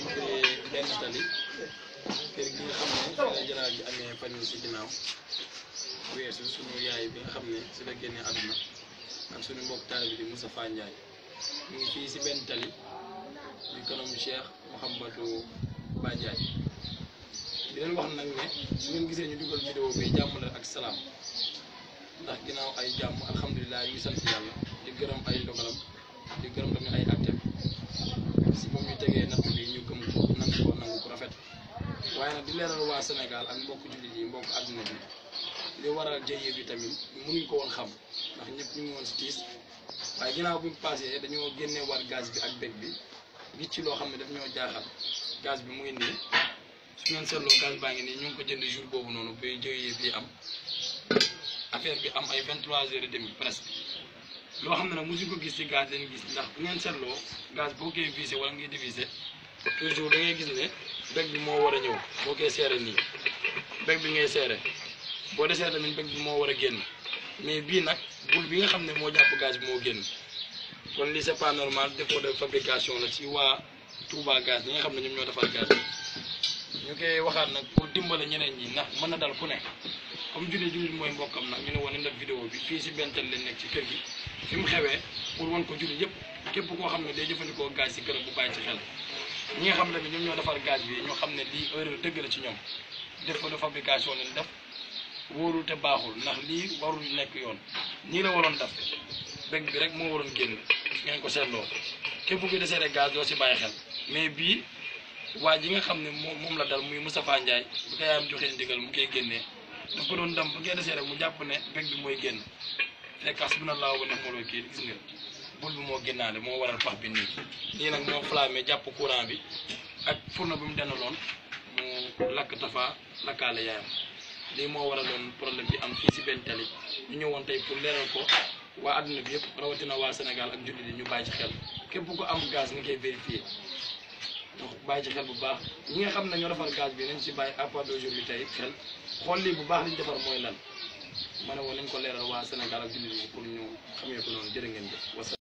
dañ créé benn tali kër gi nga xam ne xale jaraaf ji amee fan yi si ginnaaw weesu suñu yaay bi nga xam ne si la génnee àdduna ak suñu mbokk taalibe bi Moustapha Ndiaye ñu ngi fii si benn tali di kanam Cheikh Mouhamadou Ba Ndiaye di leen wax nag ne su ngeen gisee ñu dugal vidéo bi jàmm la ak salaam ndax ginnaaw ay jàmm alhamdulilah ñu sant yàlla di gërëm ay dogalam di gërëm tamit ay acteurs si moom ñu tegee nag waaye nag di leeral waa Sénégal ak mbokk jullit yi mbokk àdduna bi li waral jëye bi tamit mënuñ ko woon xam ndax ñëpp ñu ngi woon si tiis waaye ginnaaw bu mu paasee dañoo génne war gaz bi ak bég bi gis ci loo xam ne daf ñoo jaaxal gaz bi mu ngi nii su ngeen seetloo gaz baa ngi nii ñu ngi ko jënd jour boobu noonu ba jëye bi am affaire bi am ay vingt trois heures et demi presque loo xam ne nag mosuñ ko gis si gaz leen gis ndax bu ngeen seetloo gaz boo koy wala ngay divisé toujours da ngay gis ne beg bi moo war a ñëw boo koy seere nii beg bi ngay seere boo desee tamit bég bi moo war a génn mais bii nag bul bi nga xam ne moo jàpp gaz bi moo génn kon li c'est pas normal défaut de fabrication la si waa Touba gaz ñi nga xam ne ñoom ñoo defar gaz bi ñu koy waxaat nag pour dimbale ñeneen ñi ndax mën na dal ku ne comme jullit jullit mooy mbokkam nag ñu ne woon nañ def vidéo bi fii si bentel lañ nekk ci kër gi fi mu xewee pour wan ko jullit yëpp. képp koo xam ne day jëfandikoo gaz ci këram bu bàyyi ci xel ñi nga xam ne ñoom ñoo defar gaz bi ñoo xam ne lii erreur dëgg la ci ñoom défaut de fabrication lañ def wóorul te baaxul ndax lii warul nekk yoon ñii la waroon def bëgg bi rek moo waroon génn ngeen ko seetloo képp ku desee rek gaz doo si bàyyi xel mais bii waa ji nga xam ne moom moom la dal muy Moustapha Ndiaye bu ko yaayam joxee ndigal mu koy génnee daf ko doon dem bu koy desee rek mu jàpp ne bëgg bi mooy génn fekk asbunallaahu wa ni'mal wakiil gis nga bul bi moo génnaale moo waral pax bi nii nii nag moo flammé jàpp courant bi ak na bi mu dendaloon mu lakk tafa lakkaale yaayam lii moo waraloon problème bi am fii si benn tali ñu tey pour leeral ko waa adduna bi yëpp rawatina waa Sénégal ak jullit yi ñu bàyyi ci xel képp ko am gaz ni koy vérifié donc bàyyi ci xel bu baax ñi nga xam ne ñoo defar gaz bi nañ si bàyyi à part d'aujourd'hui tey xel xool lii bu baax liñ defar mooy lan ma woon nañ ko leeral waa Sénégal ak jullit yi pour ñu xamee ko noonu jërë ngeen jëf